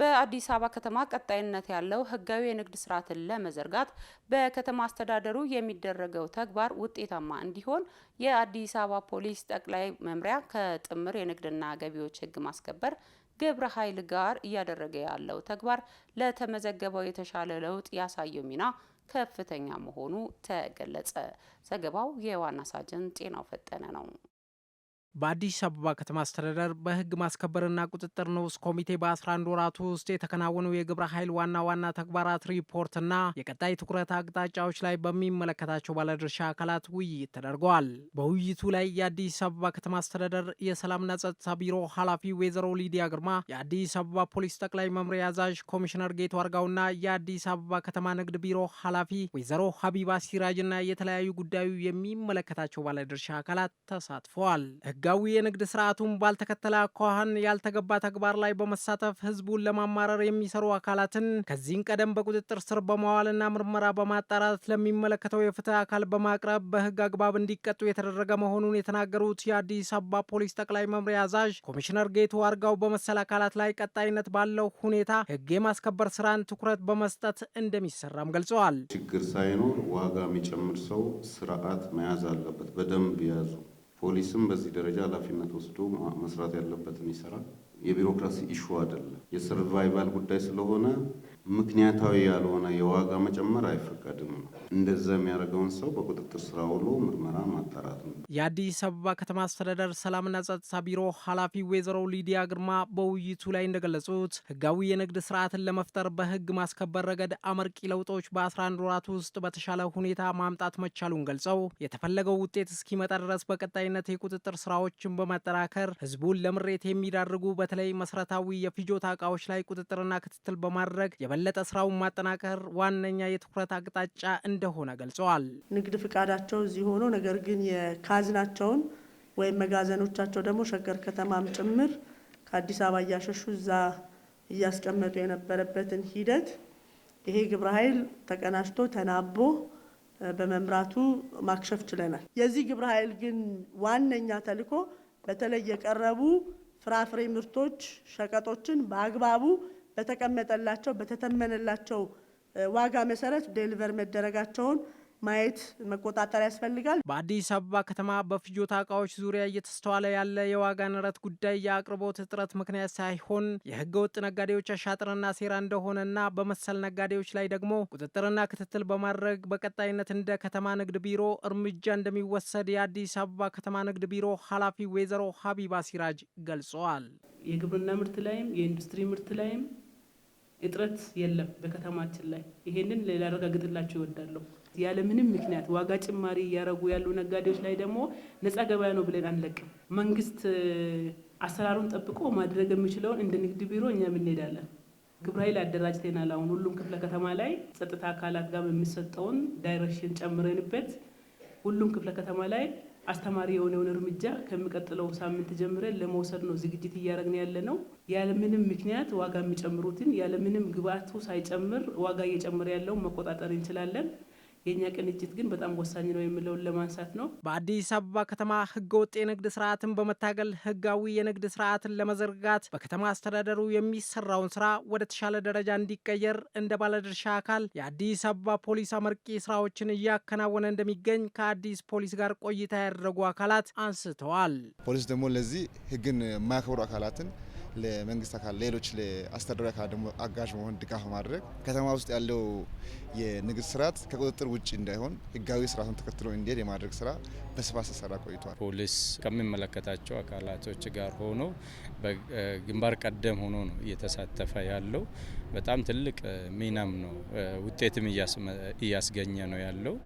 በአዲስ አበባ ከተማ ቀጣይነት ያለው ህጋዊ የንግድ ስርዓትን ለመዘርጋት በከተማ አስተዳደሩ የሚደረገው ተግባር ውጤታማ እንዲሆን የአዲስ አበባ ፖሊስ ጠቅላይ መምሪያ ከጥምር የንግድና ገቢዎች ህግ ማስከበር ግብረ ኃይል ጋር እያደረገ ያለው ተግባር ለተመዘገበው የተሻለ ለውጥ ያሳየው ሚና ከፍተኛ መሆኑ ተገለጸ። ዘገባው የዋና ሳጅን ጤናው ፈጠነ ነው። በአዲስ አበባ ከተማ አስተዳደር በሕግ ማስከበርና ቁጥጥር ንዑስ ኮሚቴ በ11 ወራት ውስጥ የተከናወኑ የግብረ ኃይል ዋና ዋና ተግባራት ሪፖርትና የቀጣይ ትኩረት አቅጣጫዎች ላይ በሚመለከታቸው ባለድርሻ አካላት ውይይት ተደርገዋል። በውይይቱ ላይ የአዲስ አበባ ከተማ አስተዳደር የሰላምና ጸጥታ ቢሮ ኃላፊ ወይዘሮ ሊዲያ ግርማ፣ የአዲስ አበባ ፖሊስ ጠቅላይ መምሪያ አዛዥ ኮሚሽነር ጌቱ አርጋውና የአዲስ አበባ ከተማ ንግድ ቢሮ ኃላፊ ወይዘሮ ሀቢባ ሲራጅና የተለያዩ ጉዳዩ የሚመለከታቸው ባለድርሻ አካላት ተሳትፈዋል። ህጋዊ የንግድ ስርዓቱን ባልተከተለ አኳኋን ያልተገባ ተግባር ላይ በመሳተፍ ህዝቡን ለማማረር የሚሰሩ አካላትን ከዚህም ቀደም በቁጥጥር ስር በመዋልና ምርመራ በማጣራት ለሚመለከተው የፍትህ አካል በማቅረብ በህግ አግባብ እንዲቀጡ የተደረገ መሆኑን የተናገሩት የአዲስ አበባ ፖሊስ ጠቅላይ መምሪያ አዛዥ ኮሚሽነር ጌቱ አርጋው በመሰል አካላት ላይ ቀጣይነት ባለው ሁኔታ ህግ የማስከበር ስራን ትኩረት በመስጠት እንደሚሰራም ገልጸዋል። ችግር ሳይኖር ዋጋ የሚጨምር ሰው ስርዓት መያዝ አለበት። በደንብ ያዙ። ፖሊስም በዚህ ደረጃ ኃላፊነት ወስዶ መስራት ያለበትን ይሰራል። የቢሮክራሲ ኢሹ አይደለም፣ የሰርቫይቫል ጉዳይ ስለሆነ ምክንያታዊ ያልሆነ የዋጋ መጨመር አይፈቀድም ነው። እንደዛ የሚያደርገውን ሰው በቁጥጥር ስራ ውሎ ምርመራ ማጣ የአዲስ አበባ ከተማ አስተዳደር ሰላምና ጸጥታ ቢሮ ኃላፊ ወይዘሮ ሊዲያ ግርማ በውይይቱ ላይ እንደገለጹት ህጋዊ የንግድ ስርዓትን ለመፍጠር በህግ ማስከበር ረገድ አመርቂ ለውጦች በ11 ወራት ውስጥ በተሻለ ሁኔታ ማምጣት መቻሉን ገልጸው የተፈለገው ውጤት እስኪመጣ ድረስ በቀጣይነት የቁጥጥር ስራዎችን በማጠናከር ህዝቡን ለምሬት የሚዳርጉ በተለይ መሰረታዊ የፍጆታ እቃዎች ላይ ቁጥጥርና ክትትል በማድረግ የበለጠ ስራውን ማጠናከር ዋነኛ የትኩረት አቅጣጫ እንደሆነ ገልጸዋል። ንግድ ፍቃዳቸው እዚህ ሆኖ ነገር ግን መጋዘናቸውን ወይም መጋዘኖቻቸው ደግሞ ሸገር ከተማም ጭምር ከአዲስ አበባ እያሸሹ እዛ እያስቀመጡ የነበረበትን ሂደት ይሄ ግብረ ኃይል ተቀናጅቶ ተናቦ በመምራቱ ማክሸፍ ችለናል። የዚህ ግብረ ኃይል ግን ዋነኛ ተልዕኮ በተለይ የቀረቡ ፍራፍሬ ምርቶች፣ ሸቀጦችን በአግባቡ በተቀመጠላቸው በተተመነላቸው ዋጋ መሰረት ዴሊቨር መደረጋቸውን ማየት መቆጣጠር ያስፈልጋል። በአዲስ አበባ ከተማ በፍጆታ እቃዎች ዙሪያ እየተስተዋለ ያለ የዋጋ ንረት ጉዳይ የአቅርቦት እጥረት ምክንያት ሳይሆን የህገወጥ ነጋዴዎች አሻጥርና ሴራ እንደሆነና በመሰል ነጋዴዎች ላይ ደግሞ ቁጥጥርና ክትትል በማድረግ በቀጣይነት እንደ ከተማ ንግድ ቢሮ እርምጃ እንደሚወሰድ የአዲስ አበባ ከተማ ንግድ ቢሮ ኃላፊ ወይዘሮ ሀቢባ ሲራጅ ገልጸዋል። የግብርና ምርት ላይም የኢንዱስትሪ ምርት ላይም እጥረት የለም በከተማችን ላይ ይሄንን ላረጋግጥላቸው ይወዳለሁ። ያለምንም ምክንያት ዋጋ ጭማሪ እያደረጉ ያሉ ነጋዴዎች ላይ ደግሞ ነጻ ገበያ ነው ብለን አንለቅም። መንግስት አሰራሩን ጠብቆ ማድረግ የሚችለውን እንደ ንግድ ቢሮ እኛም እንሄዳለን። ግብረ ኃይል አደራጅተናል። አሁን ሁሉም ክፍለ ከተማ ላይ ጸጥታ አካላት ጋር የሚሰጠውን ዳይሬክሽን ጨምረንበት ሁሉም ክፍለ ከተማ ላይ አስተማሪ የሆነውን እርምጃ ከሚቀጥለው ሳምንት ጀምረን ለመውሰድ ነው ዝግጅት እያደረግን ያለ ነው። ያለምንም ምክንያት ዋጋ የሚጨምሩትን ያለምንም ግብአቱ ሳይጨምር ዋጋ እየጨመረ ያለውን መቆጣጠር እንችላለን። የእኛ ቅንጅት ግን በጣም ወሳኝ ነው የምለውን ለማንሳት ነው። በአዲስ አበባ ከተማ ህገወጥ የንግድ ስርዓትን በመታገል ህጋዊ የንግድ ስርዓትን ለመዘርጋት በከተማ አስተዳደሩ የሚሰራውን ስራ ወደ ተሻለ ደረጃ እንዲቀየር እንደ ባለድርሻ አካል የአዲስ አበባ ፖሊስ አመርቂ ስራዎችን እያከናወነ እንደሚገኝ ከአዲስ ፖሊስ ጋር ቆይታ ያደረጉ አካላት አንስተዋል። ፖሊስ ደግሞ ለዚህ ህግን የማያከብሩ አካላትን ለመንግስት አካል ሌሎች ለአስተዳደሪ አካል ደግሞ አጋዥ መሆን ድጋፍ ማድረግ ከተማ ውስጥ ያለው የንግድ ስርዓት ከቁጥጥር ውጭ እንዳይሆን ህጋዊ ስርዓቱን ተከትሎ እንዲሄድ የማድረግ ስራ በስፋት ሲሰራ ቆይቷል። ፖሊስ ከሚመለከታቸው አካላቶች ጋር ሆኖ በግንባር ቀደም ሆኖ ነው እየተሳተፈ ያለው። በጣም ትልቅ ሚናም ነው ውጤትም እያስገኘ ነው ያለው።